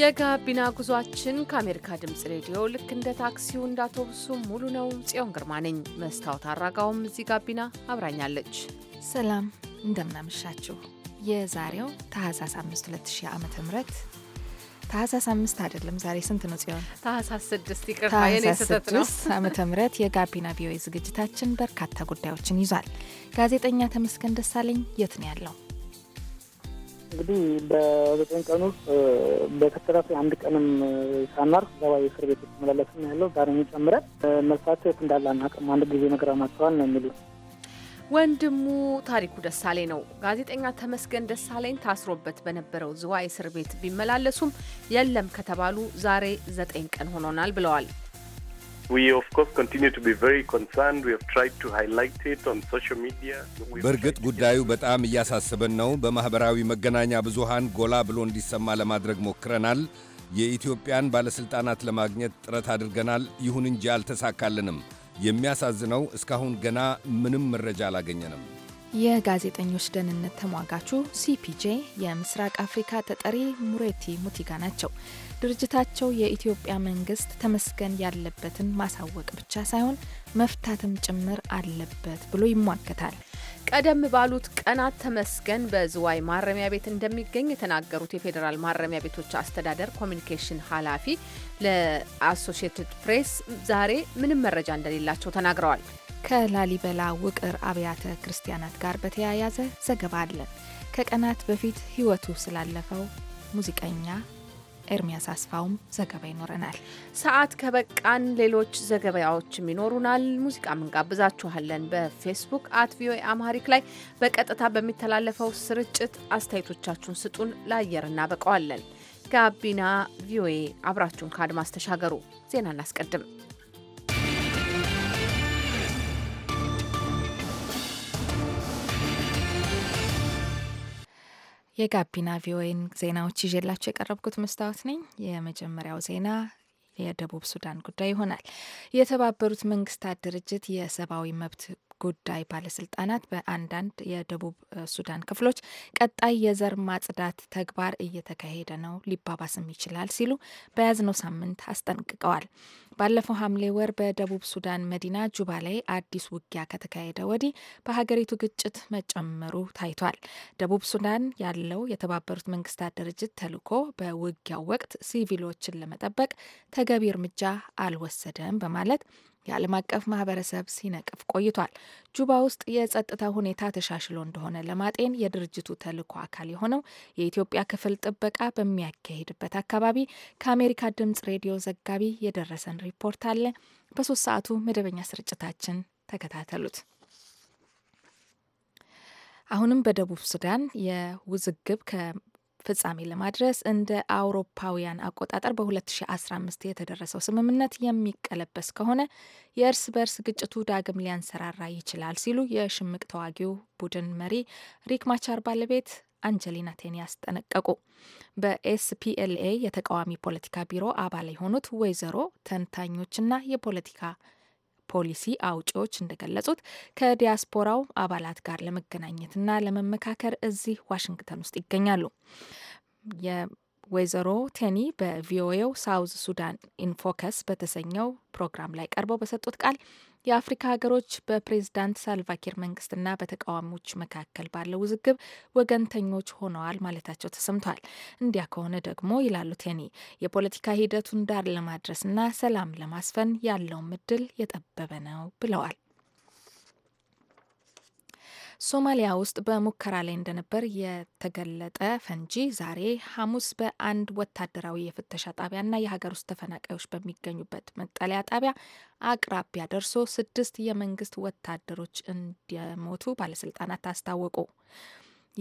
የጋቢና ጉዟችን ከአሜሪካ ድምጽ ሬዲዮ ልክ እንደ ታክሲው እንደ አውቶቡሱ ሙሉ ነው። ጽዮን ግርማ ነኝ። መስታወት አራጋውም እዚህ ጋቢና አብራኛለች። ሰላም እንደምናመሻችሁ። የዛሬው ታህሳስ 5 2000 ዓ ም ታህሳስ አምስት አይደለም ዛሬ ስንት ነው ጽዮን? ታህሳስ ስድስት ይቅርታ፣ የኔ ስህተት ነው። ምህረት የጋቢና ቪኦኤ ዝግጅታችን በርካታ ጉዳዮችን ይዟል። ጋዜጠኛ ተመስገን ደሳለኝ የት ነው ያለው? እንግዲህ በዘጠኝ ቀን ውስጥ በተከታታይ አንድ ቀንም ሳናርፍ ዘባ የእስር ቤት ውስጥ መላለስም ያለው ዛሬን ጨምረን መልሳቸው የት እንዳለ አናውቅም። አንድ ጊዜ ነግረናቸዋል ነው የሚሉት። ወንድሙ ታሪኩ ደሳሌ ነው። ጋዜጠኛ ተመስገን ደሳለኝ ታስሮበት በነበረው ዝዋ እስር ቤት ቢመላለሱም የለም ከተባሉ ዛሬ ዘጠኝ ቀን ሆኖናል ብለዋል። በእርግጥ ጉዳዩ በጣም እያሳሰበን ነው። በማኅበራዊ መገናኛ ብዙሃን ጎላ ብሎ እንዲሰማ ለማድረግ ሞክረናል። የኢትዮጵያን ባለሥልጣናት ለማግኘት ጥረት አድርገናል። ይሁን እንጂ አልተሳካልንም። የሚያሳዝነው እስካሁን ገና ምንም መረጃ አላገኘንም። የጋዜጠኞች ደህንነት ተሟጋቹ ሲፒጄ የምስራቅ አፍሪካ ተጠሪ ሙሬቲ ሙቲጋ ናቸው። ድርጅታቸው የኢትዮጵያ መንግስት ተመስገን ያለበትን ማሳወቅ ብቻ ሳይሆን መፍታትም ጭምር አለበት ብሎ ይሟገታል። ቀደም ባሉት ቀናት ተመስገን በዝዋይ ማረሚያ ቤት እንደሚገኝ የተናገሩት የፌዴራል ማረሚያ ቤቶች አስተዳደር ኮሚኒኬሽን ኃላፊ ለአሶሽየትድ ፕሬስ ዛሬ ምንም መረጃ እንደሌላቸው ተናግረዋል። ከላሊበላ ውቅር አብያተ ክርስቲያናት ጋር በተያያዘ ዘገባ አለን። ከቀናት በፊት ሕይወቱ ስላለፈው ሙዚቀኛ ኤርሚያስ አስፋውም ዘገባ ይኖረናል። ሰዓት ከበቃን ሌሎች ዘገባዎችም ይኖሩናል። ሙዚቃም እንጋብዛችኋለን። በፌስቡክ አት ቪኦኤ አማሪክ ላይ በቀጥታ በሚተላለፈው ስርጭት አስተያየቶቻችሁን ስጡን፣ ለአየር እናበቀዋለን። ጋቢና ቪኦኤ አብራችሁን ከአድማስ ተሻገሩ። ዜና እናስቀድም። የጋቢና ቪኦኤን ዜናዎች ይዤላቸው የቀረብኩት መስታወት ነኝ። የመጀመሪያው ዜና የደቡብ ሱዳን ጉዳይ ይሆናል። የተባበሩት መንግስታት ድርጅት የሰብአዊ መብት ጉዳይ ባለስልጣናት በአንዳንድ የደቡብ ሱዳን ክፍሎች ቀጣይ የዘር ማጽዳት ተግባር እየተካሄደ ነው፣ ሊባባስም ይችላል ሲሉ በያዝነው ሳምንት አስጠንቅቀዋል። ባለፈው ሐምሌ ወር በደቡብ ሱዳን መዲና ጁባ ላይ አዲስ ውጊያ ከተካሄደ ወዲህ በሀገሪቱ ግጭት መጨመሩ ታይቷል። ደቡብ ሱዳን ያለው የተባበሩት መንግስታት ድርጅት ተልዕኮ በውጊያው ወቅት ሲቪሎችን ለመጠበቅ ተገቢ እርምጃ አልወሰደም በማለት የዓለም አቀፍ ማህበረሰብ ሲነቅፍ ቆይቷል። ጁባ ውስጥ የጸጥታ ሁኔታ ተሻሽሎ እንደሆነ ለማጤን የድርጅቱ ተልኮ አካል የሆነው የኢትዮጵያ ክፍል ጥበቃ በሚያካሄድበት አካባቢ ከአሜሪካ ድምጽ ሬዲዮ ዘጋቢ የደረሰን ሪፖርት አለ። በሶስት ሰዓቱ መደበኛ ስርጭታችን ተከታተሉት። አሁንም በደቡብ ሱዳን የውዝግብ ፍጻሜ ለማድረስ እንደ አውሮፓውያን አቆጣጠር በ2015 የተደረሰው ስምምነት የሚቀለበስ ከሆነ የእርስ በርስ ግጭቱ ዳግም ሊያንሰራራ ይችላል ሲሉ የሽምቅ ተዋጊው ቡድን መሪ ሪክ ማቻር ባለቤት አንጀሊና ቴኒ አስጠነቀቁ። በኤስፒኤልኤ የተቃዋሚ ፖለቲካ ቢሮ አባል የሆኑት ወይዘሮ ተንታኞችና የፖለቲካ ፖሊሲ አውጪዎች እንደገለጹት ከዲያስፖራው አባላት ጋር ለመገናኘትና ለመመካከር እዚህ ዋሽንግተን ውስጥ ይገኛሉ። ወይዘሮ ቴኒ በቪኦኤው ሳውዝ ሱዳን ኢንፎከስ በተሰኘው ፕሮግራም ላይ ቀርበው በሰጡት ቃል የአፍሪካ ሀገሮች በፕሬዝዳንት ሳልቫኪር መንግስትና በተቃዋሚዎች መካከል ባለው ውዝግብ ወገንተኞች ሆነዋል ማለታቸው ተሰምቷል። እንዲያ ከሆነ ደግሞ ይላሉ ቴኒ የፖለቲካ ሂደቱን ዳር ለማድረስና ሰላም ለማስፈን ያለውን እድል የጠበበ ነው ብለዋል። ሶማሊያ ውስጥ በሙከራ ላይ እንደነበር የተገለጠ ፈንጂ ዛሬ ሐሙስ በአንድ ወታደራዊ የፍተሻ ጣቢያና የሀገር ውስጥ ተፈናቃዮች በሚገኙበት መጠለያ ጣቢያ አቅራቢያ ደርሶ ስድስት የመንግስት ወታደሮች እንደሞቱ ባለስልጣናት አስታወቁ።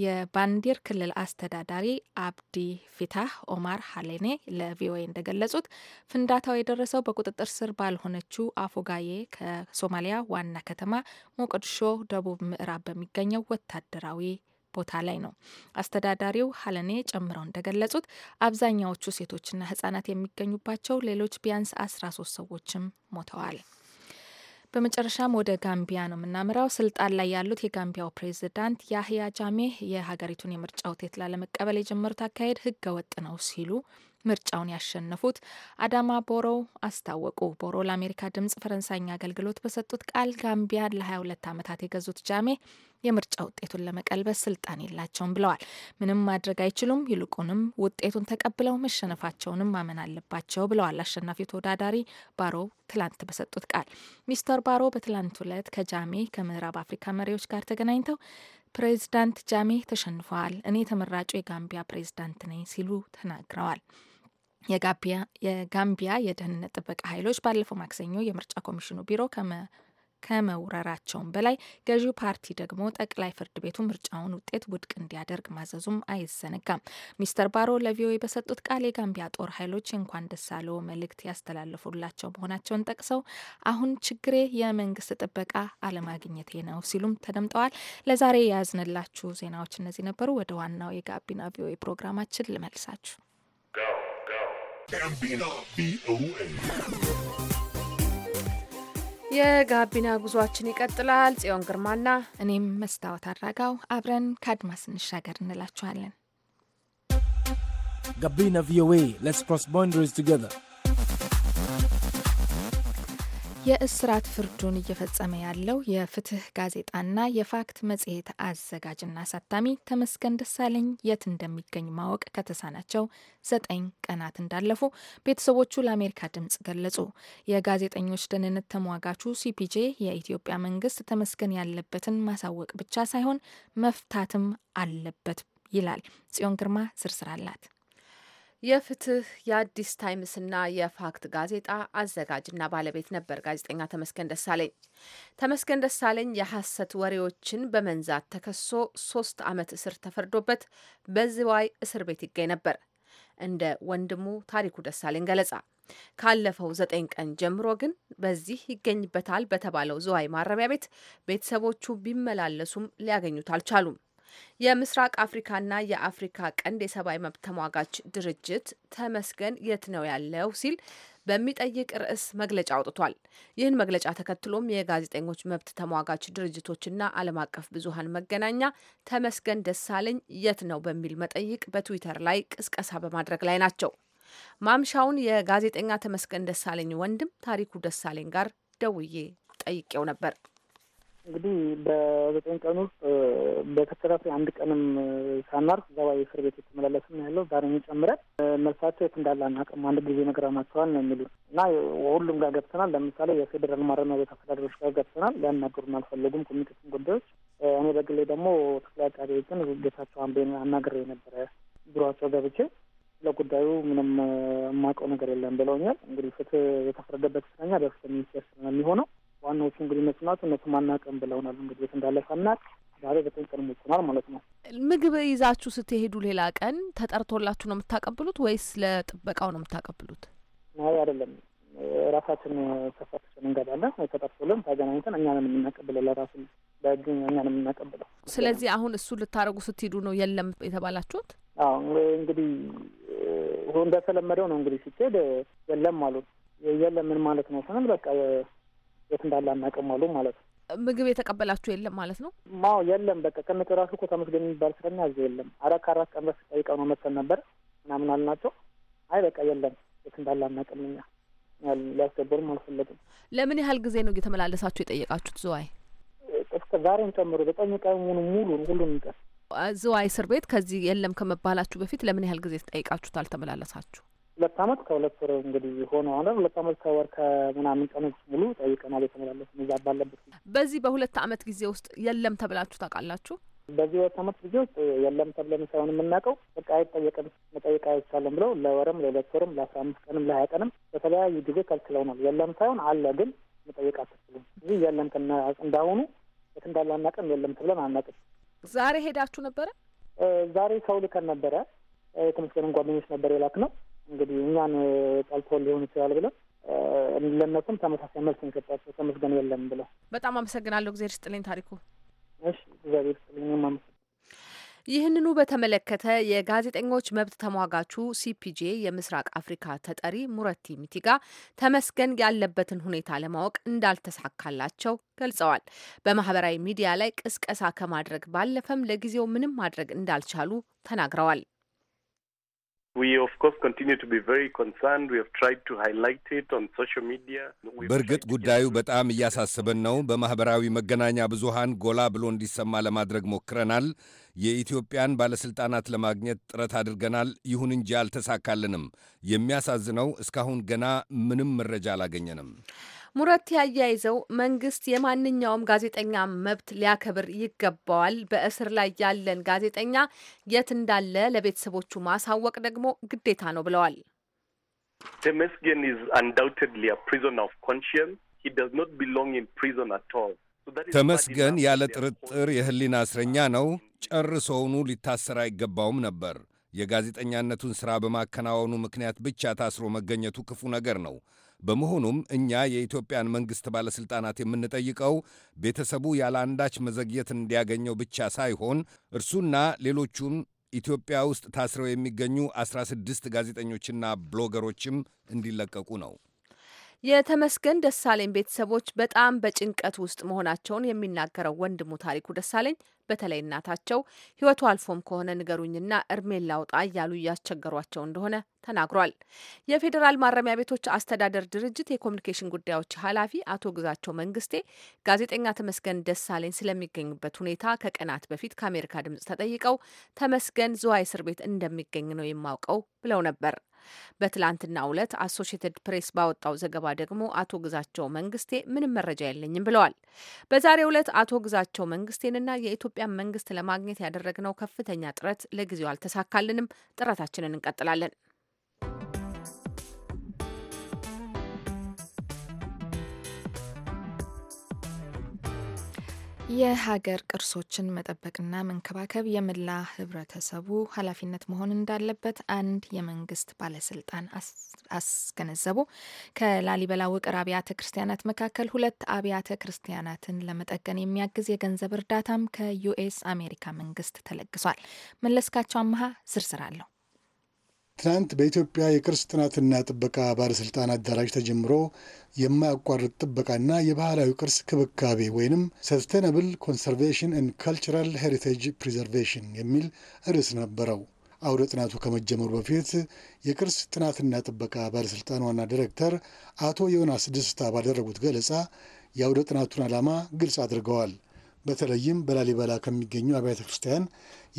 የባንዲር ክልል አስተዳዳሪ አብዲ ፊታህ ኦማር ሀሌኔ ለቪኦኤ እንደገለጹት ፍንዳታው የደረሰው በቁጥጥር ስር ባልሆነችው አፎጋዬ ከሶማሊያ ዋና ከተማ ሞቃዲሾ ደቡብ ምዕራብ በሚገኘው ወታደራዊ ቦታ ላይ ነው። አስተዳዳሪው ሀለኔ ጨምረው እንደገለጹት አብዛኛዎቹ ሴቶችና ህጻናት የሚገኙባቸው ሌሎች ቢያንስ አስራ ሶስት ሰዎችም ሞተዋል። በመጨረሻም ወደ ጋምቢያ ነው የምናምራው። ስልጣን ላይ ያሉት የጋምቢያው ፕሬዚዳንት ያህያ ጃሜህ የሀገሪቱን የምርጫ ውጤት ላለመቀበል የጀመሩት አካሄድ ህገ ወጥ ነው ሲሉ ምርጫውን ያሸነፉት አዳማ ቦሮ አስታወቁ። ቦሮ ለአሜሪካ ድምጽ ፈረንሳይኛ አገልግሎት በሰጡት ቃል ጋምቢያ ለ22 ዓመታት የገዙት ጃሜ የምርጫ ውጤቱን ለመቀልበስ ስልጣን የላቸውም ብለዋል። ምንም ማድረግ አይችሉም፣ ይልቁንም ውጤቱን ተቀብለው መሸነፋቸውንም ማመን አለባቸው ብለዋል። አሸናፊው ተወዳዳሪ ባሮ ትላንት በሰጡት ቃል ሚስተር ባሮ በትላንት ዕለት ከጃሜ ከምዕራብ አፍሪካ መሪዎች ጋር ተገናኝተው ፕሬዚዳንት ጃሜ ተሸንፈዋል፣ እኔ ተመራጩ የጋምቢያ ፕሬዚዳንት ነኝ ሲሉ ተናግረዋል። የጋምቢያ የደህንነት ጥበቃ ኃይሎች ባለፈው ማክሰኞ የምርጫ ኮሚሽኑ ቢሮ ከመውረራቸውም በላይ ገዢው ፓርቲ ደግሞ ጠቅላይ ፍርድ ቤቱ ምርጫውን ውጤት ውድቅ እንዲያደርግ ማዘዙም አይዘነጋም። ሚስተር ባሮ ለቪኦኤ በሰጡት ቃል የጋምቢያ ጦር ኃይሎች እንኳን ደስ አለው መልእክት ያስተላለፉላቸው መሆናቸውን ጠቅሰው አሁን ችግሬ የመንግስት ጥበቃ አለማግኘቴ ነው ሲሉም ተደምጠዋል። ለዛሬ የያዝንላችሁ ዜናዎች እነዚህ ነበሩ። ወደ ዋናው የጋቢና ቪኦኤ ፕሮግራማችን ልመልሳችሁ። ጋቢና ቪኦኤ የጋቢና ጉዟችን ይቀጥላል። ጽዮን ግርማና እኔም መስታወት አድራጋው አብረን ከአድማስ እንሻገር እንላችኋለን። ጋቢና ቪኦኤ ሌትስ ክሮስ ቦንደሪስ ቱጌዘር የእስራት ፍርዱን እየፈጸመ ያለው የፍትህ ጋዜጣና የፋክት መጽሔት አዘጋጅና አሳታሚ ተመስገን ደሳለኝ የት እንደሚገኝ ማወቅ ከተሳናቸው ዘጠኝ ቀናት እንዳለፉ ቤተሰቦቹ ለአሜሪካ ድምጽ ገለጹ። የጋዜጠኞች ደህንነት ተሟጋቹ ሲፒጄ የኢትዮጵያ መንግስት ተመስገን ያለበትን ማሳወቅ ብቻ ሳይሆን መፍታትም አለበት ይላል። ጽዮን ግርማ ዝርዝር አላት። የፍትህ የአዲስ ታይምስና የፋክት ጋዜጣ አዘጋጅና ባለቤት ነበር ጋዜጠኛ ተመስገን ደሳለኝ። ተመስገን ደሳለኝ የሐሰት ወሬዎችን በመንዛት ተከሶ ሶስት ዓመት እስር ተፈርዶበት በዝዋይ እስር ቤት ይገኝ ነበር። እንደ ወንድሙ ታሪኩ ደሳለኝ ገለጻ ካለፈው ዘጠኝ ቀን ጀምሮ ግን በዚህ ይገኝበታል በተባለው ዝዋይ ማረሚያ ቤት ቤተሰቦቹ ቢመላለሱም ሊያገኙት አልቻሉም። የምስራቅ አፍሪካና የአፍሪካ ቀንድ የሰብአዊ መብት ተሟጋች ድርጅት ተመስገን የት ነው ያለው ሲል በሚጠይቅ ርዕስ መግለጫ አውጥቷል። ይህን መግለጫ ተከትሎም የጋዜጠኞች መብት ተሟጋች ድርጅቶችና ዓለም አቀፍ ብዙሀን መገናኛ ተመስገን ደሳለኝ የት ነው በሚል መጠይቅ በትዊተር ላይ ቅስቀሳ በማድረግ ላይ ናቸው። ማምሻውን የጋዜጠኛ ተመስገን ደሳለኝ ወንድም ታሪኩ ደሳለኝ ጋር ደውዬ ጠይቄው ነበር። እንግዲህ በዘጠኝ ቀን ውስጥ በተከታታይ አንድ ቀንም ሳናርፍ ዘባ እስር ቤት የተመላለስን ያለው ዛሬም ጨምረን መልሳቸው የት እንዳለ አናውቅም። አንድ ጊዜ ነግረናቸዋል ነው የሚሉት እና ሁሉም ጋር ገብተናል። ለምሳሌ የፌዴራል ማረሚያ ቤት አስተዳደሮች ጋር ገብተናል። ሊያናገሩን አልፈለጉም። ኮሚኒኬሽን ጉዳዮች እኔ በግሌ ደግሞ ጠቅላይ አቃቤ ሕግን ጌታቸው አምቤን አናግሬ የነበረ ቢሯቸው ገብቼ ለጉዳዩ ምንም የማውቀው ነገር የለም ብለውኛል። እንግዲህ ፍትህ የተፈረደበት እስረኛ በፍትህ ሚኒስቴር የሚሆነው ዋናዎቹ እንግዲህ እነሱ ናት እነሱ ማናቀም ብለውናል። እንግዲህ ቤት እንዳለ እናቅ ዛሬ ዘጠኝ ቀን ሞጭናል ማለት ነው። ምግብ ይዛችሁ ስትሄዱ ሌላ ቀን ተጠርቶላችሁ ነው የምታቀብሉት ወይስ ለጥበቃው ነው የምታቀብሉት? ናይ አይደለም፣ ራሳችን ሰፈራችን እንገባለን። ተጠርቶልን ተገናኝተን እኛ ነን የምናቀብለው፣ ለራሱን በእጅ እኛ ነን የምናቀብለው። ስለዚህ አሁን እሱ ልታደርጉ ስትሄዱ ነው የለም የተባላችሁት? አዎ እንግዲህ እንደተለመደው ነው እንግዲህ ሲኬድ የለም አሉት። የለም ምን ማለት ነው ስንል በቃ የት እንዳለ አናውቅም አሉ ማለት ነው። ምግብ የተቀበላችሁ የለም ማለት ነው? ማው የለም በቃ ከምት ራሱ እኮ ተመስገን የሚባል ስለኛ እዚህ የለም። አራት ከአራት ቀን በስ ጠይቀው ነው መሰል ነበር ምናምን አልናቸው። አይ በቃ የለም የት እንዳለ አናውቅም እኛ ሊያስገበሩም አልፈለግም። ለምን ያህል ጊዜ ነው እየተመላለሳችሁ የጠየቃችሁት ዝዋይ? እስከ ዛሬን ጨምሮ ዘጠኝ ቀን ሙሉ ሙሉን ሁሉንም ቀን ዝዋይ እስር ቤት ከዚህ የለም ከመባላችሁ በፊት ለምን ያህል ጊዜ ተጠይቃችሁት አልተመላለሳችሁ? ሁለት አመት ከሁለት ወር እንግዲህ ሆነ ሁለት አመት ከወር ከምናምን ቀኖች ሙሉ ጠይቀናል። የተመላለስ እዛ ባለበት በዚህ በሁለት አመት ጊዜ ውስጥ የለም ተብላችሁ ታውቃላችሁ? በዚህ ሁለት አመት ጊዜ ውስጥ የለም ተብለን ሳይሆን የምናውቀው በቃ አይጠየቅም መጠየቅ አይቻልም ብለው ለወርም ለሁለት ወርም ለአስራ አምስት ቀንም ለሀያ ቀንም በተለያዩ ጊዜ ከልክለውናል። የለም ሳይሆን አለ ግን መጠየቅ አትችሉም። እዚህ የለም እንዳሁኑ የት እንዳለ አናውቅም። የለም ተብለን አናውቅም። ዛሬ ሄዳችሁ ነበረ? ዛሬ ሰው ልከን ነበረ። የተመስገንን ጓደኞች ነበር የላክ ነው እንግዲህ እኛን ጠልቶ ሊሆን ይችላል ብለው ለእነሱም ተመሳሳይ መልስ እንሰጣቸው። ተመስገን የለም ብለው በጣም አመሰግናለሁ። እግዜር ስጥልኝ ታሪኩ። እሺ እግዚአብሔር ስጥልኝ አመሰግናለሁ። ይህንኑ በተመለከተ የጋዜጠኞች መብት ተሟጋቹ ሲፒጄ የምስራቅ አፍሪካ ተጠሪ ሙረቲ ሚቲጋ ተመስገን ያለበትን ሁኔታ ለማወቅ እንዳልተሳካላቸው ገልጸዋል። በማህበራዊ ሚዲያ ላይ ቅስቀሳ ከማድረግ ባለፈም ለጊዜው ምንም ማድረግ እንዳልቻሉ ተናግረዋል። በእርግጥ ጉዳዩ በጣም እያሳሰበን ነው። በማኅበራዊ መገናኛ ብዙሃን ጎላ ብሎ እንዲሰማ ለማድረግ ሞክረናል። የኢትዮጵያን ባለሥልጣናት ለማግኘት ጥረት አድርገናል። ይሁን እንጂ አልተሳካልንም። የሚያሳዝነው እስካሁን ገና ምንም መረጃ አላገኘንም። ሙረት ያያይዘው መንግስት የማንኛውም ጋዜጠኛ መብት ሊያከብር ይገባዋል። በእስር ላይ ያለን ጋዜጠኛ የት እንዳለ ለቤተሰቦቹ ማሳወቅ ደግሞ ግዴታ ነው ብለዋል። ተመስገን ኢዝ አንዳውትድሊ አ ፕሪዝነር ኦፍ ሂ ኖት ቢሎንግ ኢን ፕሪዝን አት ኦል ተመስገን ያለ ጥርጥር የህሊና እስረኛ ነው። ጨርሶውኑ ሊታሰር አይገባውም ነበር። የጋዜጠኛነቱን ሥራ በማከናወኑ ምክንያት ብቻ ታስሮ መገኘቱ ክፉ ነገር ነው። በመሆኑም እኛ የኢትዮጵያን መንግሥት ባለሥልጣናት የምንጠይቀው ቤተሰቡ ያለ አንዳች መዘግየት እንዲያገኘው ብቻ ሳይሆን እርሱና ሌሎቹም ኢትዮጵያ ውስጥ ታስረው የሚገኙ 16 ጋዜጠኞችና ብሎገሮችም እንዲለቀቁ ነው። የተመስገን ደሳለኝ ቤተሰቦች በጣም በጭንቀት ውስጥ መሆናቸውን የሚናገረው ወንድሙ ታሪኩ ደሳለኝ በተለይ እናታቸው ሕይወቱ አልፎም ከሆነ ንገሩኝና እርሜን ላውጣ እያሉ እያስቸገሯቸው እንደሆነ ተናግሯል። የፌዴራል ማረሚያ ቤቶች አስተዳደር ድርጅት የኮሚኒኬሽን ጉዳዮች ኃላፊ አቶ ግዛቸው መንግስቴ ጋዜጠኛ ተመስገን ደሳለኝ ስለሚገኙበት ሁኔታ ከቀናት በፊት ከአሜሪካ ድምጽ ተጠይቀው ተመስገን ዝዋይ እስር ቤት እንደሚገኝ ነው የማውቀው ብለው ነበር። በትላንትናው ዕለት አሶሽትድ ፕሬስ ባወጣው ዘገባ ደግሞ አቶ ግዛቸው መንግስቴ ምንም መረጃ የለኝም ብለዋል። በዛሬው ዕለት አቶ ግዛቸው መንግስቴንና የኢትዮጵያ መንግስት ለማግኘት ያደረግነው ከፍተኛ ጥረት ለጊዜው አልተሳካልንም። ጥረታችንን እንቀጥላለን። የሀገር ቅርሶችን መጠበቅና መንከባከብ የመላ ህብረተሰቡ ኃላፊነት መሆን እንዳለበት አንድ የመንግስት ባለስልጣን አስገነዘቡ። ከላሊበላ ውቅር አብያተ ክርስቲያናት መካከል ሁለት አብያተ ክርስቲያናትን ለመጠገን የሚያግዝ የገንዘብ እርዳታም ከዩኤስ አሜሪካ መንግስት ተለግሷል። መለስካቸው አመሀ ዝርዝር አለው። ትናንት በኢትዮጵያ የቅርስ ጥናትና ጥበቃ ባለሥልጣን አዳራሽ ተጀምሮ የማያቋርጥ ጥበቃና የባህላዊ ቅርስ ክብካቤ ወይንም ሰስተናብል ኮንሰርቬሽን ኤንድ ካልቸራል ሄሪቴጅ ፕሪዘርቬሽን የሚል ርዕስ ነበረው። አውደ ጥናቱ ከመጀመሩ በፊት የቅርስ ጥናትና ጥበቃ ባለሥልጣን ዋና ዲሬክተር አቶ ዮናስ ደስታ ባደረጉት ገለጻ የአውደ ጥናቱን ዓላማ ግልጽ አድርገዋል። በተለይም በላሊበላ ከሚገኙ አብያተ ክርስቲያን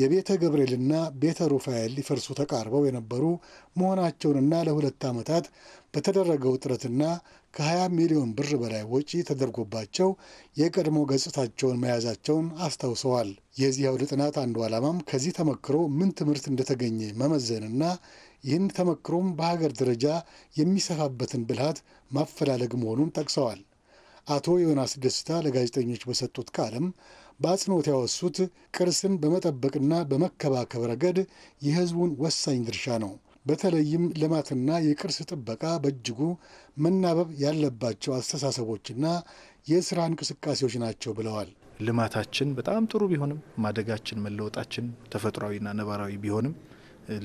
የቤተ ገብርኤልና ቤተ ሩፋኤል ሊፈርሱ ተቃርበው የነበሩ መሆናቸውንና ለሁለት ዓመታት በተደረገው ጥረትና ከ20 ሚሊዮን ብር በላይ ወጪ ተደርጎባቸው የቀድሞ ገጽታቸውን መያዛቸውን አስታውሰዋል። የዚህ አውደ ጥናት አንዱ ዓላማም ከዚህ ተመክሮ ምን ትምህርት እንደተገኘ መመዘንና ይህን ተመክሮም በሀገር ደረጃ የሚሰፋበትን ብልሃት ማፈላለግ መሆኑን ጠቅሰዋል። አቶ ዮናስ ደስታ ለጋዜጠኞች በሰጡት ቃለም በአጽንኦት ያወሱት ቅርስን በመጠበቅና በመከባከብ ረገድ የሕዝቡን ወሳኝ ድርሻ ነው። በተለይም ልማትና የቅርስ ጥበቃ በእጅጉ መናበብ ያለባቸው አስተሳሰቦችና የስራ እንቅስቃሴዎች ናቸው ብለዋል። ልማታችን በጣም ጥሩ ቢሆንም ማደጋችን፣ መለወጣችን ተፈጥሯዊና ነባራዊ ቢሆንም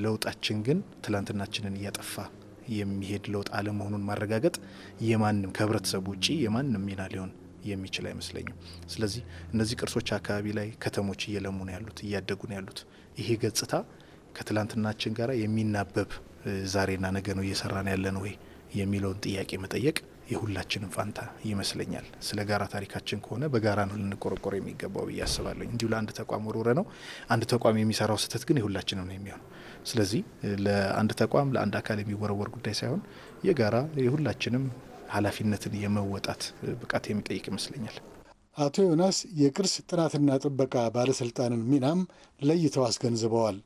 ለውጣችን ግን ትላንትናችንን እያጠፋ የሚሄድ ለውጥ አለመሆኑን ማረጋገጥ የማንም ከህብረተሰቡ ውጭ የማንም ሚና ሊሆን የሚችል አይመስለኝም። ስለዚህ እነዚህ ቅርሶች አካባቢ ላይ ከተሞች እየለሙ ነው ያሉት፣ እያደጉ ነው ያሉት። ይሄ ገጽታ ከትላንትናችን ጋር የሚናበብ ዛሬና ነገ ነው እየሰራን ያለ ነው ወይ የሚለውን ጥያቄ መጠየቅ የሁላችንም ፋንታ ይመስለኛል። ስለ ጋራ ታሪካችን ከሆነ በጋራ ነው ልንቆረቆር የሚገባው ብዬ አስባለሁ። እንዲሁ ለአንድ ተቋም ወርውረ ነው አንድ ተቋም የሚሰራው ስህተት ግን የሁላችንም ነው የሚሆነው። ስለዚህ ለአንድ ተቋም ለአንድ አካል የሚወረወር ጉዳይ ሳይሆን የጋራ የሁላችንም ኃላፊነትን የመወጣት ብቃት የሚጠይቅ ይመስለኛል። አቶ ዮናስ የቅርስ ጥናትና ጥበቃ ባለስልጣንን ሚናም ለይተው አስገንዝበዋል።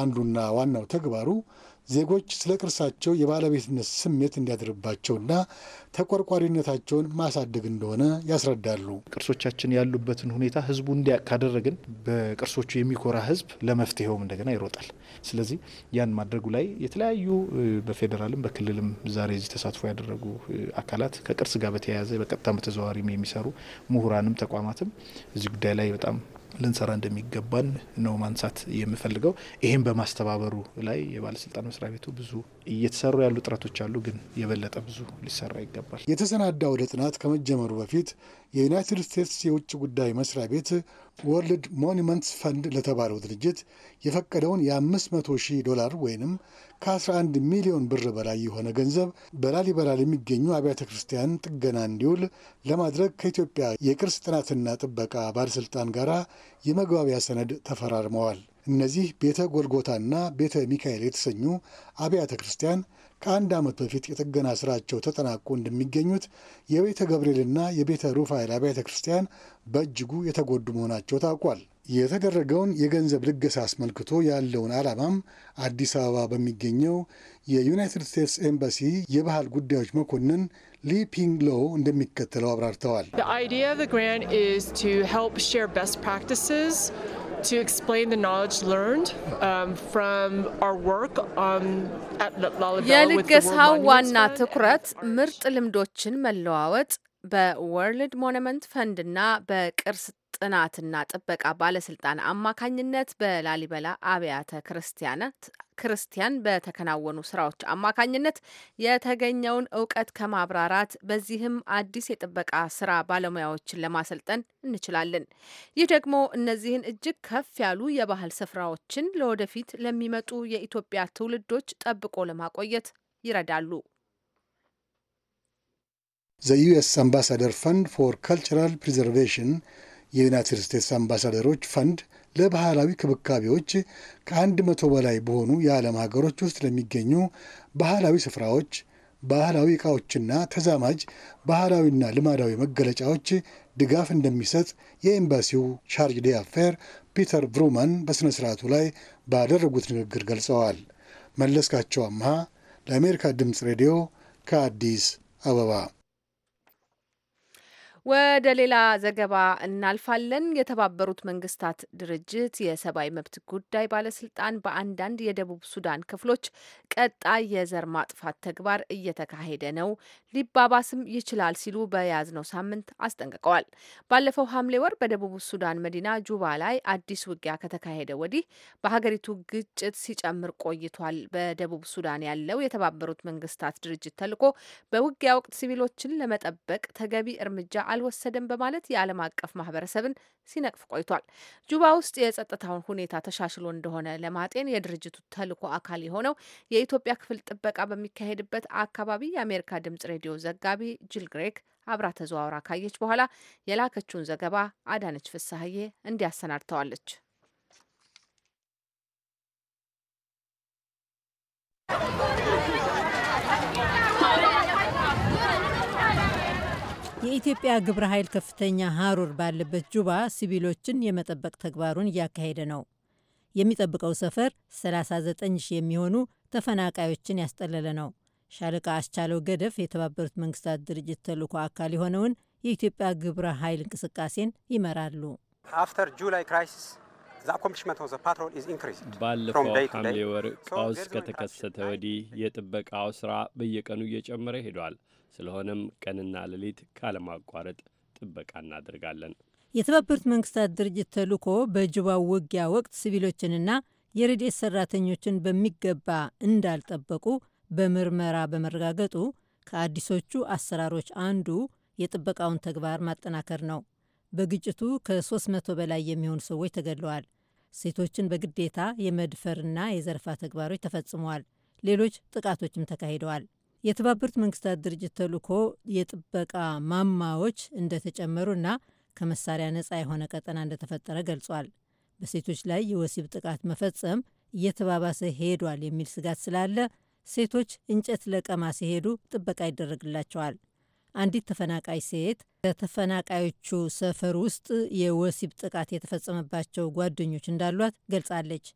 አንዱና ዋናው ተግባሩ ዜጎች ስለ ቅርሳቸው የባለቤትነት ስሜት እንዲያድርባቸውና ተቆርቋሪነታቸውን ማሳደግ እንደሆነ ያስረዳሉ። ቅርሶቻችን ያሉበትን ሁኔታ ህዝቡ እንዲያ ካደረግን በቅርሶቹ የሚኮራ ህዝብ ለመፍትሄውም እንደገና ይሮጣል። ስለዚህ ያን ማድረጉ ላይ የተለያዩ በፌዴራልም በክልልም ዛሬ እዚህ ተሳትፎ ያደረጉ አካላት ከቅርስ ጋር በተያያዘ በቀጥታም በተዘዋዋሪም የሚሰሩ ምሁራንም ተቋማትም እዚህ ጉዳይ ላይ በጣም ልንሰራ እንደሚገባን ነው ማንሳት የምፈልገው። ይሄን በማስተባበሩ ላይ የባለስልጣን መስሪያ ቤቱ ብዙ እየተሰሩ ያሉ ጥረቶች አሉ፣ ግን የበለጠ ብዙ ሊሰራ ይገባል። የተሰናዳ ወደ ጥናት ከመጀመሩ በፊት የዩናይትድ ስቴትስ የውጭ ጉዳይ መስሪያ ቤት ወርልድ ሞኒመንትስ ፈንድ ለተባለው ድርጅት የፈቀደውን የ500 ሺህ ዶላር ወይንም ከ11 ሚሊዮን ብር በላይ የሆነ ገንዘብ በላሊበላ ለሚገኙ አብያተ ክርስቲያን ጥገና እንዲውል ለማድረግ ከኢትዮጵያ የቅርስ ጥናትና ጥበቃ ባለሥልጣን ጋር የመግባቢያ ሰነድ ተፈራርመዋል። እነዚህ ቤተ ጎልጎታና ቤተ ሚካኤል የተሰኙ አብያተ ክርስቲያን ከአንድ ዓመት በፊት የጥገና ስራቸው ተጠናቆ እንደሚገኙት የቤተ ገብርኤልና የቤተ ሩፋኤል አብያተ ክርስቲያን በእጅጉ የተጎዱ መሆናቸው ታውቋል። የተደረገውን የገንዘብ ልገሳ አስመልክቶ ያለውን ዓላማም አዲስ አበባ በሚገኘው የዩናይትድ ስቴትስ ኤምባሲ የባህል ጉዳዮች መኮንን ሊፒንግ ሎ እንደሚከተለው አብራርተዋል። to explain the knowledge learned um, from our work on at Lalibel የልገሳው ዋና ትኩረት ምርጥ ልምዶችን መለዋወጥ በወርልድ ሞኑመንት ፈንድና በቅርስ ጥናትና ጥበቃ ባለስልጣን አማካኝነት በላሊበላ አብያተ ክርስቲያናት ክርስቲያን በተከናወኑ ስራዎች አማካኝነት የተገኘውን እውቀት ከማብራራት በዚህም አዲስ የጥበቃ ስራ ባለሙያዎችን ለማሰልጠን እንችላለን። ይህ ደግሞ እነዚህን እጅግ ከፍ ያሉ የባህል ስፍራዎችን ለወደፊት ለሚመጡ የኢትዮጵያ ትውልዶች ጠብቆ ለማቆየት ይረዳሉ። ዘ ዩኤስ አምባሳደር ፈንድ ፎር ካልቸራል ፕሪዘርቬሽን የዩናይትድ ስቴትስ አምባሳደሮች ፈንድ ለባህላዊ ክብካቤዎች ከአንድ መቶ በላይ በሆኑ የዓለም ሀገሮች ውስጥ ለሚገኙ ባህላዊ ስፍራዎች፣ ባህላዊ ዕቃዎችና ተዛማጅ ባህላዊና ልማዳዊ መገለጫዎች ድጋፍ እንደሚሰጥ የኤምባሲው ቻርጅ አፌር ፒተር ብሩማን በሥነ ሥርዓቱ ላይ ባደረጉት ንግግር ገልጸዋል። መለስካቸው አምሃ ለአሜሪካ ድምፅ ሬዲዮ ከአዲስ አበባ ወደ ሌላ ዘገባ እናልፋለን። የተባበሩት መንግስታት ድርጅት የሰብአዊ መብት ጉዳይ ባለስልጣን በአንዳንድ የደቡብ ሱዳን ክፍሎች ቀጣይ የዘር ማጥፋት ተግባር እየተካሄደ ነው፣ ሊባባስም ይችላል ሲሉ በያዝነው ሳምንት አስጠንቅቀዋል። ባለፈው ሐምሌ ወር በደቡብ ሱዳን መዲና ጁባ ላይ አዲስ ውጊያ ከተካሄደ ወዲህ በሀገሪቱ ግጭት ሲጨምር ቆይቷል። በደቡብ ሱዳን ያለው የተባበሩት መንግስታት ድርጅት ተልዕኮ በውጊያ ወቅት ሲቪሎችን ለመጠበቅ ተገቢ እርምጃ አልወሰደም በማለት የዓለም አቀፍ ማህበረሰብን ሲነቅፍ ቆይቷል። ጁባ ውስጥ የጸጥታውን ሁኔታ ተሻሽሎ እንደሆነ ለማጤን የድርጅቱ ተልዕኮ አካል የሆነው የኢትዮጵያ ክፍል ጥበቃ በሚካሄድበት አካባቢ የአሜሪካ ድምጽ ሬዲዮ ዘጋቢ ጂል ግሬክ አብራ ተዘዋውራ ካየች በኋላ የላከችውን ዘገባ አዳነች ፍሳሀዬ እንዲያሰናድተዋለች። የኢትዮጵያ ግብረ ኃይል ከፍተኛ ሀሩር ባለበት ጁባ ሲቪሎችን የመጠበቅ ተግባሩን እያካሄደ ነው። የሚጠብቀው ሰፈር 39 ሺህ የሚሆኑ ተፈናቃዮችን ያስጠለለ ነው። ሻለቃ አስቻለው ገደፍ የተባበሩት መንግስታት ድርጅት ተልዕኮ አካል የሆነውን የኢትዮጵያ ግብረ ኃይል እንቅስቃሴን ይመራሉ። አፍተር ጁላይ ክራይሲስ ባለፈው ሐምሌ ወር ቀውስ ከተከሰተ ወዲህ የጥበቃው ስራ በየቀኑ እየጨመረ ሄዷል። ስለሆነም ቀንና ሌሊት ካለማቋረጥ ጥበቃ እናደርጋለን። የተባበሩት መንግስታት ድርጅት ተልእኮ በጅባው ውጊያ ወቅት ሲቪሎችንና የረድኤት ሰራተኞችን በሚገባ እንዳልጠበቁ በምርመራ በመረጋገጡ ከአዲሶቹ አሰራሮች አንዱ የጥበቃውን ተግባር ማጠናከር ነው። በግጭቱ ከ300 በላይ የሚሆኑ ሰዎች ተገድለዋል። ሴቶችን በግዴታ የመድፈርና የዘርፋ ተግባሮች ተፈጽመዋል። ሌሎች ጥቃቶችም ተካሂደዋል። የተባበሩት መንግስታት ድርጅት ተልእኮ የጥበቃ ማማዎች እንደተጨመሩና ከመሳሪያ ነፃ የሆነ ቀጠና እንደተፈጠረ ገልጿል። በሴቶች ላይ የወሲብ ጥቃት መፈጸም እየተባባሰ ሄዷል የሚል ስጋት ስላለ ሴቶች እንጨት ለቀማ ሲሄዱ ጥበቃ ይደረግላቸዋል። አንዲት ተፈናቃይ ሴት በተፈናቃዮቹ ሰፈር ውስጥ የወሲብ ጥቃት የተፈጸመባቸው ጓደኞች እንዳሏት ገልጻለች።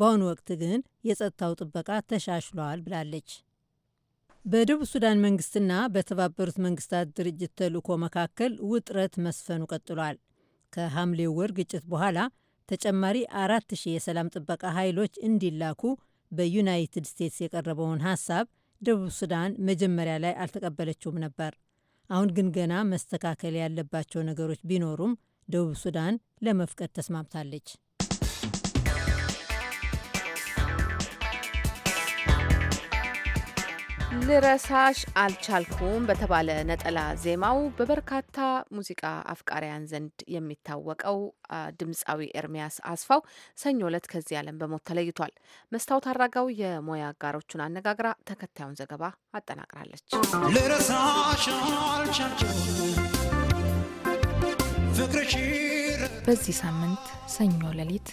በአሁኑ ወቅት ግን የጸጥታው ጥበቃ ተሻሽሏል ብላለች። በደቡብ ሱዳን መንግስትና በተባበሩት መንግስታት ድርጅት ተልእኮ መካከል ውጥረት መስፈኑ ቀጥሏል። ከሐምሌ ወር ግጭት በኋላ ተጨማሪ አራት ሺህ የሰላም ጥበቃ ኃይሎች እንዲላኩ በዩናይትድ ስቴትስ የቀረበውን ሐሳብ ደቡብ ሱዳን መጀመሪያ ላይ አልተቀበለችውም ነበር። አሁን ግን ገና መስተካከል ያለባቸው ነገሮች ቢኖሩም ደቡብ ሱዳን ለመፍቀድ ተስማምታለች። ልረሳሽ አልቻልኩም በተባለ ነጠላ ዜማው በበርካታ ሙዚቃ አፍቃሪያን ዘንድ የሚታወቀው ድምፃዊ ኤርሚያስ አስፋው ሰኞ ዕለት ከዚህ ዓለም በሞት ተለይቷል። መስታወት አራጋው የሙያ አጋሮቹን አነጋግራ ተከታዩን ዘገባ አጠናቅራለች። ልረሳሽ አልቻልኩም በዚህ ሳምንት ሰኞ ሌሊት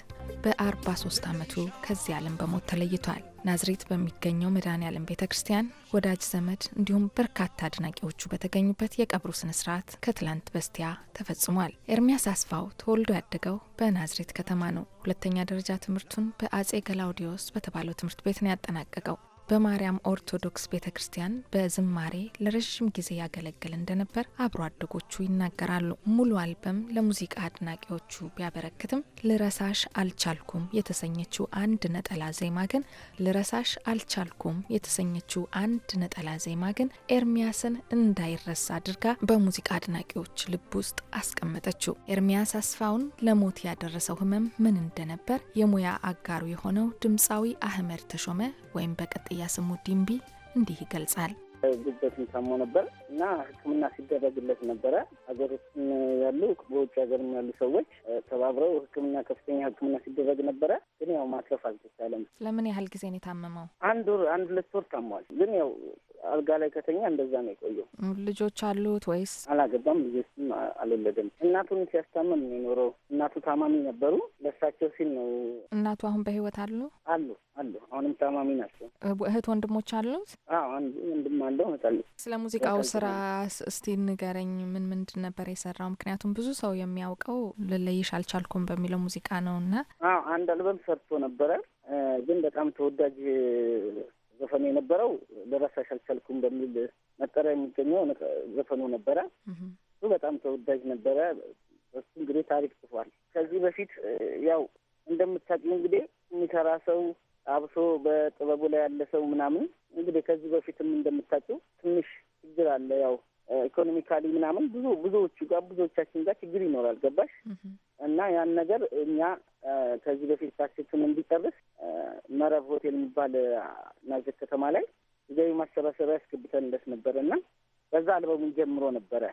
በ43 ዓመቱ ከዚህ ዓለም በሞት ተለይቷል። ናዝሬት በሚገኘው መድኃኔ ዓለም ቤተ ክርስቲያን ወዳጅ ዘመድ እንዲሁም በርካታ አድናቂዎቹ በተገኙበት የቀብሩ ስነ ስርዓት ከትላንት በስቲያ ተፈጽሟል። ኤርሚያስ አስፋው ተወልዶ ያደገው በናዝሬት ከተማ ነው። ሁለተኛ ደረጃ ትምህርቱን በአጼ ገላውዲዮስ በተባለው ትምህርት ቤት ነው ያጠናቀቀው። በማርያም ኦርቶዶክስ ቤተ ክርስቲያን በዝማሬ ለረዥም ጊዜ ያገለግል እንደነበር አብሮ አደጎቹ ይናገራሉ። ሙሉ አልበም ለሙዚቃ አድናቂዎቹ ቢያበረክትም ልረሳሽ አልቻልኩም የተሰኘችው አንድ ነጠላ ዜማ ግን ልረሳሽ አልቻልኩም የተሰኘችው አንድ ነጠላ ዜማ ግን ኤርሚያስን እንዳይረሳ አድርጋ በሙዚቃ አድናቂዎች ልብ ውስጥ አስቀመጠችው። ኤርሚያስ አስፋውን ለሞት ያደረሰው ህመም ምን እንደነበር የሙያ አጋሩ የሆነው ድምፃዊ አህመድ ተሾመ ወይም በቅጥያ ኤልያስ ሙዲምቢ እንዲህ ይገልጻል። ጉበት ታሞ ነበር እና ሕክምና ሲደረግለት ነበረ። ሀገር ውስጥም ያሉ በውጭ ሀገርም ያሉ ሰዎች ተባብረው ሕክምና ከፍተኛ ሕክምና ሲደረግ ነበረ። ግን ያው ማትረፍ አልተቻለም። ለምን ያህል ጊዜ ነው የታመመው? አንድ ወር አንድ ሁለት ወር ታሟል። ግን ያው አልጋ ላይ ከተኛ እንደዛ ነው የቆየው። ልጆች አሉት ወይስ? አላገባም፣ ልጆችም አልወለደም። እናቱን ሲያስታምም ነው የኖረው። እናቱ ታማሚ ነበሩ። ለሳቸው ሲል ነው። እናቱ አሁን በህይወት አሉ? አሉ አሉ። አሁንም ታማሚ ናቸው። እህት ወንድሞች አሉት? አንድ ወንድም እችላለሁ መጣለ ስለ ሙዚቃው ስራ እስቲ ንገረኝ። ምን ምንድን ነበር የሰራው? ምክንያቱም ብዙ ሰው የሚያውቀው ልለይሽ አልቻልኩም በሚለው ሙዚቃ ነው እና አንድ አልበም ሰርቶ ነበረ። ግን በጣም ተወዳጅ ዘፈኑ የነበረው ልረሳሽ አልቻልኩም በሚል መጠሪያ የሚገኘው ዘፈኑ ነበረ። እሱ በጣም ተወዳጅ ነበረ። እሱ እንግዲህ ታሪክ ጽፏል። ከዚህ በፊት ያው እንደምታውቂው እንግዲህ የሚሰራ ሰው አብሶ በጥበቡ ላይ ያለ ሰው ምናምን እንግዲህ ከዚህ በፊትም እንደምታውቂው ትንሽ ችግር አለ። ያው ኢኮኖሚካሊ ምናምን ብዙ ብዙዎቹ ጋር ብዙዎቻችን ጋር ችግር ይኖራል። ገባሽ? እና ያን ነገር እኛ ከዚህ በፊት ታክሲቱን እንዲጨርስ መረብ ሆቴል የሚባል ናዝሬት ከተማ ላይ ገቢ ማሰባሰቢያ ያስገብተን እንደስ ነበረ እና በዛ አልበሙን ጀምሮ ነበረ።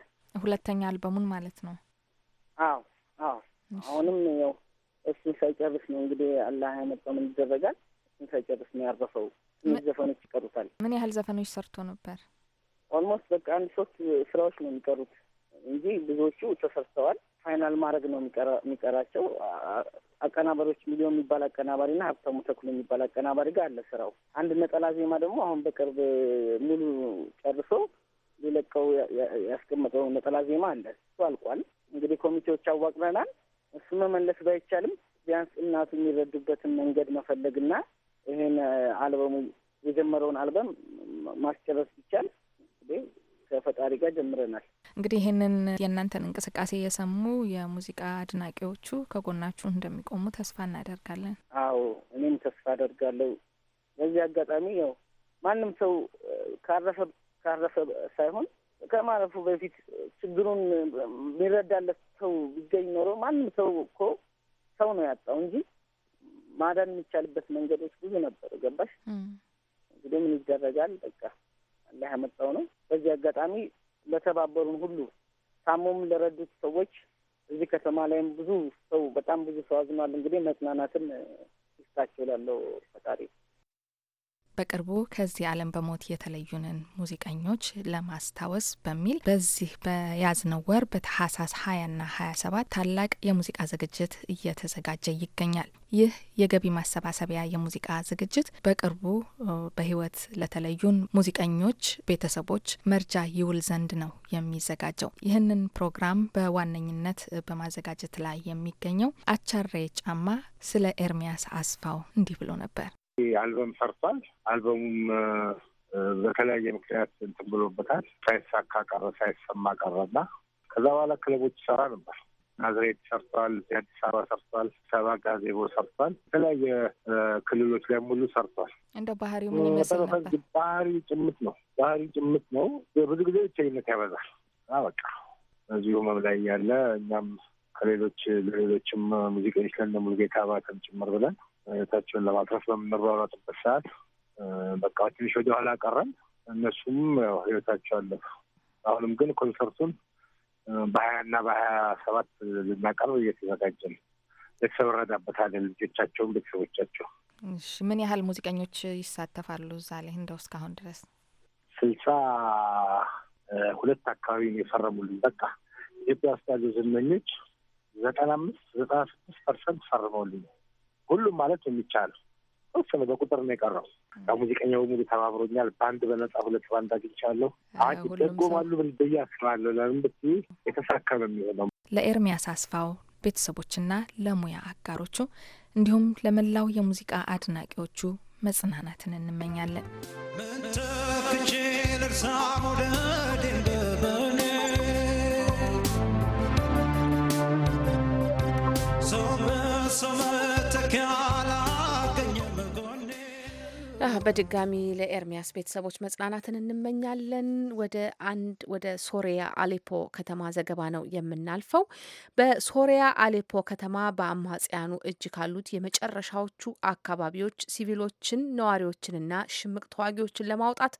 ሁለተኛ አልበሙን ማለት ነው። አዎ አዎ። አሁንም ያው እሱን ሳይጨርስ ነው እንግዲህ አላህ ያመጣው ምን ይደረጋል። ሳይጨርስ ነው ያረፈው። እነዚህ ዘፈኖች ይቀሩታል። ምን ያህል ዘፈኖች ሰርቶ ነበር? ኦልሞስት በቃ አንድ ሶስት ስራዎች ነው የሚቀሩት እንጂ ብዙዎቹ ተሰርተዋል። ፋይናል ማድረግ ነው የሚቀራቸው። አቀናባሪዎች ሚሊዮን የሚባል አቀናባሪና ሀብታሙ ተኩል የሚባል አቀናባሪ ጋር አለ ስራው። አንድ ነጠላ ዜማ ደግሞ አሁን በቅርብ ሙሉ ጨርሶ ሊለቀው ያስቀመጠው ነጠላ ዜማ አለ። እሱ አልቋል። እንግዲህ ኮሚቴዎች አዋቅረናል። እሱ መመለስ ባይቻልም ቢያንስ እናቱ የሚረዱበትን መንገድ መፈለግና ይህን አልበሙ የጀመረውን አልበም ማስጨረስ ይቻል ከፈጣሪ ጋር ጀምረናል። እንግዲህ ይህንን የእናንተን እንቅስቃሴ የሰሙ የሙዚቃ አድናቂዎቹ ከጎናችሁ እንደሚቆሙ ተስፋ እናደርጋለን። አዎ እኔም ተስፋ አደርጋለሁ። በዚህ አጋጣሚ ያው ማንም ሰው ካረፈ ካረፈ ሳይሆን ከማረፉ በፊት ችግሩን የሚረዳለት ሰው ቢገኝ ኖሮ ማንም ሰው እኮ ሰው ነው ያጣው እንጂ ማዳን የሚቻልበት መንገዶች ብዙ ነበሩ። ገባሽ እንግዲህ ምን ይደረጋል? በቃ አላህ ያመጣው ነው። በዚህ አጋጣሚ ለተባበሩን ሁሉ ታሞም ለረዱት ሰዎች እዚህ ከተማ ላይም ብዙ ሰው በጣም ብዙ ሰው አዝኗል። እንግዲህ መጽናናትን ይስጣቸው ላለው ፈጣሪ በቅርቡ ከዚህ ዓለም በሞት የተለዩንን ሙዚቀኞች ለማስታወስ በሚል በዚህ በያዝነው ወር በታህሳስ ሀያና ሀያ ሰባት ታላቅ የሙዚቃ ዝግጅት እየተዘጋጀ ይገኛል። ይህ የገቢ ማሰባሰቢያ የሙዚቃ ዝግጅት በቅርቡ በህይወት ለተለዩን ሙዚቀኞች ቤተሰቦች መርጃ ይውል ዘንድ ነው የሚዘጋጀው። ይህንን ፕሮግራም በዋነኝነት በማዘጋጀት ላይ የሚገኘው አቻሬ ጫማ ስለ ኤርሚያስ አስፋው እንዲህ ብሎ ነበር። አልበም ሰርቷል። አልበሙም በተለያየ ምክንያት እንትን ብሎበታል። ሳይሳካ ቀረ፣ ሳይሰማ ቀረና ከዛ በኋላ ክለቦች ይሰራ ነበር። ናዝሬት ሰርቷል። የአዲስ አበባ ሰርቷል። ሰባ ጋዜቦ ሰርቷል። የተለያየ ክልሎች ላይ ሙሉ ሰርቷል። እንደ ባህሪው ምን ይመስል ነበር? ባህሪ ጭምት ነው። ባህሪ ጭምት ነው። ብዙ ጊዜ ብቸኝነት ያበዛል። በቃ እዚሁ ህመም ላይ ያለ እኛም ከሌሎች ለሌሎችም ሙዚቀኞች ለእነ ሙሉጌታ አባተም ጭምር ብለን ህይወታቸውን ለማትረፍ በምንሯሯጥበት ሰዓት በቃ ትንሽ ወደ ኋላ ቀረን። እነሱም ህይወታቸው አለፉ። አሁንም ግን ኮንሰርቱን በሀያ እና በሀያ ሰባት ልናቀርብ ነው። ቤተሰብ እንረዳበታለን። ልጆቻቸውን፣ ቤተሰቦቻቸው። እሺ ምን ያህል ሙዚቀኞች ይሳተፋሉ እዛ ላይ እንደው እስካሁን ድረስ? ስልሳ ሁለት አካባቢ ነው የፈረሙልን። በቃ ኢትዮጵያ ውስጥ ያሉ ዝነኞች ዘጠና አምስት ዘጠና ስድስት ፐርሰንት ፈርመውልኛል። ሁሉም ማለት የሚቻለው ተወሰነ በቁጥር ነው የቀረው። ሙዚቀኛው ሙሉ ተባብሮኛል። በአንድ በነጻ ሁለት ባንድ አግኝቻለሁ። አዋጅ ይደጎማሉ ብዬ ስራለሁ። ለምን ብትይ የተሳከመ የሚሆነው። ለኤርሚያስ አስፋው ቤተሰቦችና ለሙያ አጋሮቹ እንዲሁም ለመላው የሙዚቃ አድናቂዎቹ መጽናናትን እንመኛለን። so በድጋሚ ለኤርሚያስ ቤተሰቦች መጽናናትን እንመኛለን። ወደ አንድ ወደ ሶሪያ አሌፖ ከተማ ዘገባ ነው የምናልፈው። በሶሪያ አሌፖ ከተማ በአማጽያኑ እጅ ካሉት የመጨረሻዎቹ አካባቢዎች ሲቪሎችን፣ ነዋሪዎችንና ሽምቅ ተዋጊዎችን ለማውጣት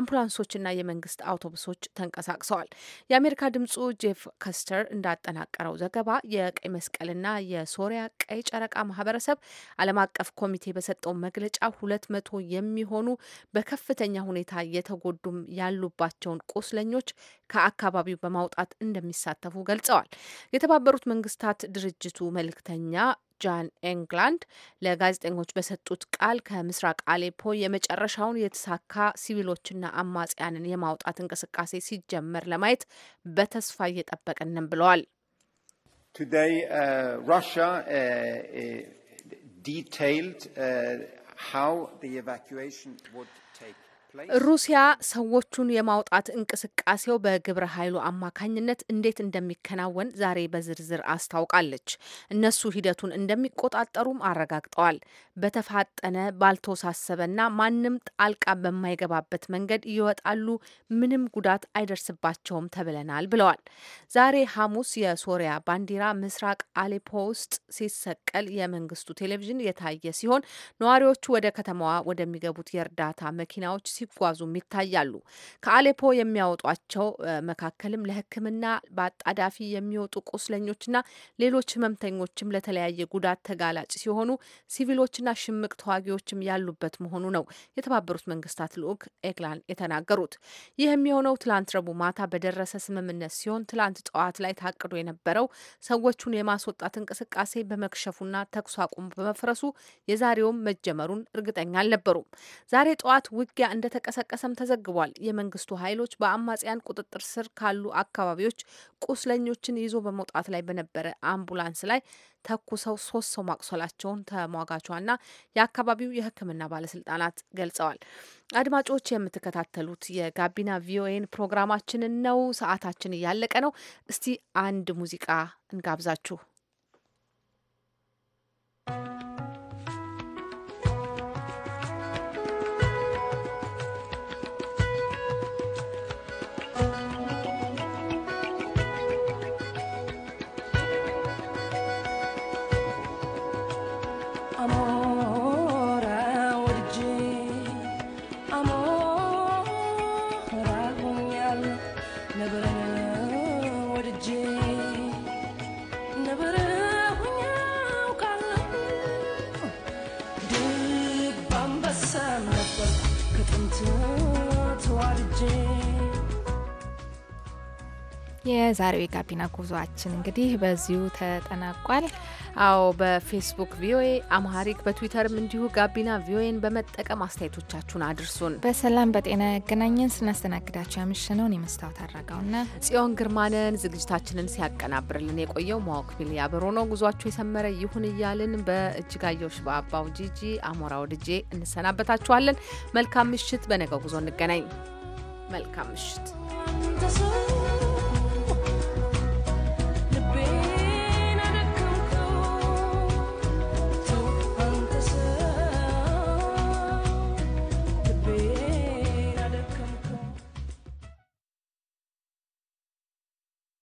አምቡላንሶችና የመንግስት አውቶቡሶች ተንቀሳቅሰዋል። የአሜሪካ ድምጹ ጄፍ ከስተር እንዳጠናቀረው ዘገባ የቀይ መስቀልና የሶሪያ ቀይ ጨረቃ ማህበረሰብ ዓለም አቀፍ ኮሚቴ በሰጠው መግለጫ ሁለት መቶ የሚሆኑ በከፍተኛ ሁኔታ የተጎዱም ያሉባቸውን ቁስለኞች ከአካባቢው በማውጣት እንደሚሳተፉ ገልጸዋል። የተባበሩት መንግስታት ድርጅቱ መልእክተኛ ጃን ኤንግላንድ ለጋዜጠኞች በሰጡት ቃል ከምስራቅ አሌፖ የመጨረሻውን የተሳካ ሲቪሎችና አማጽያንን የማውጣት እንቅስቃሴ ሲጀመር ለማየት በተስፋ እየጠበቅንም ብለዋል። ቱዴይ ዲቴይልድ uh, how the evacuation would ሩሲያ ሰዎቹን የማውጣት እንቅስቃሴው በግብረ ኃይሉ አማካኝነት እንዴት እንደሚከናወን ዛሬ በዝርዝር አስታውቃለች። እነሱ ሂደቱን እንደሚቆጣጠሩም አረጋግጠዋል። በተፋጠነ ባልተወሳሰበና ማንም ጣልቃ በማይገባበት መንገድ ይወጣሉ፣ ምንም ጉዳት አይደርስባቸውም ተብለናል ብለዋል። ዛሬ ሐሙስ የሶሪያ ባንዲራ ምስራቅ አሌፖ ውስጥ ሲሰቀል የመንግስቱ ቴሌቪዥን የታየ ሲሆን ነዋሪዎቹ ወደ ከተማዋ ወደሚገቡት የእርዳታ መኪናዎች ሲጓዙም ይታያሉ። ከአሌፖ የሚያወጧቸው መካከልም ለሕክምና በአጣዳፊ የሚወጡ ቁስለኞችና ሌሎች ህመምተኞችም ለተለያየ ጉዳት ተጋላጭ ሲሆኑ ሲቪሎችና ሽምቅ ተዋጊዎችም ያሉበት መሆኑ ነው የተባበሩት መንግስታት ልዑክ ኤግላን የተናገሩት። ይህ የሚሆነው ትላንት ረቡዕ ማታ በደረሰ ስምምነት ሲሆን ትላንት ጠዋት ላይ ታቅዶ የነበረው ሰዎቹን የማስወጣት እንቅስቃሴ በመክሸፉና ተኩስ አቁም በመፍረሱ የዛሬውም መጀመሩን እርግጠኛ አልነበሩም። ዛሬ ጠዋት ውጊያ እንደ እንደተቀሰቀሰም ተዘግቧል። የመንግስቱ ኃይሎች በአማጽያን ቁጥጥር ስር ካሉ አካባቢዎች ቁስለኞችን ይዞ በመውጣት ላይ በነበረ አምቡላንስ ላይ ተኩሰው ሶስት ሰው ማቁሰላቸውን ተሟጋቿና የአካባቢው የሕክምና ባለስልጣናት ገልጸዋል። አድማጮች የምትከታተሉት የጋቢና ቪኦኤን ፕሮግራማችንን ነው። ሰዓታችን እያለቀ ነው። እስቲ አንድ ሙዚቃ እንጋብዛችሁ። የዛሬው የጋቢና ጉዞአችን እንግዲህ በዚሁ ተጠናቋል። አዎ በፌስቡክ ቪኦኤ አምሃሪክ በትዊተርም እንዲሁ ጋቢና ቪኦኤን በመጠቀም አስተያየቶቻችሁን አድርሱን። በሰላም በጤና ያገናኘን። ስናስተናግዳቸው ያመሸነውን የመስታወት አድራጋውና ጽዮን ግርማንን ዝግጅታችንን ሲያቀናብርልን የቆየው ማወቅ ቢል ያበሮ ነው። ጉዟችሁ የሰመረ ይሁን እያልን በእጅጋየሁ ሽባባው ጂጂ አሞራ ወድጄ እንሰናበታችኋለን። መልካም ምሽት። በነገው ጉዞ እንገናኝ። መልካም ምሽት።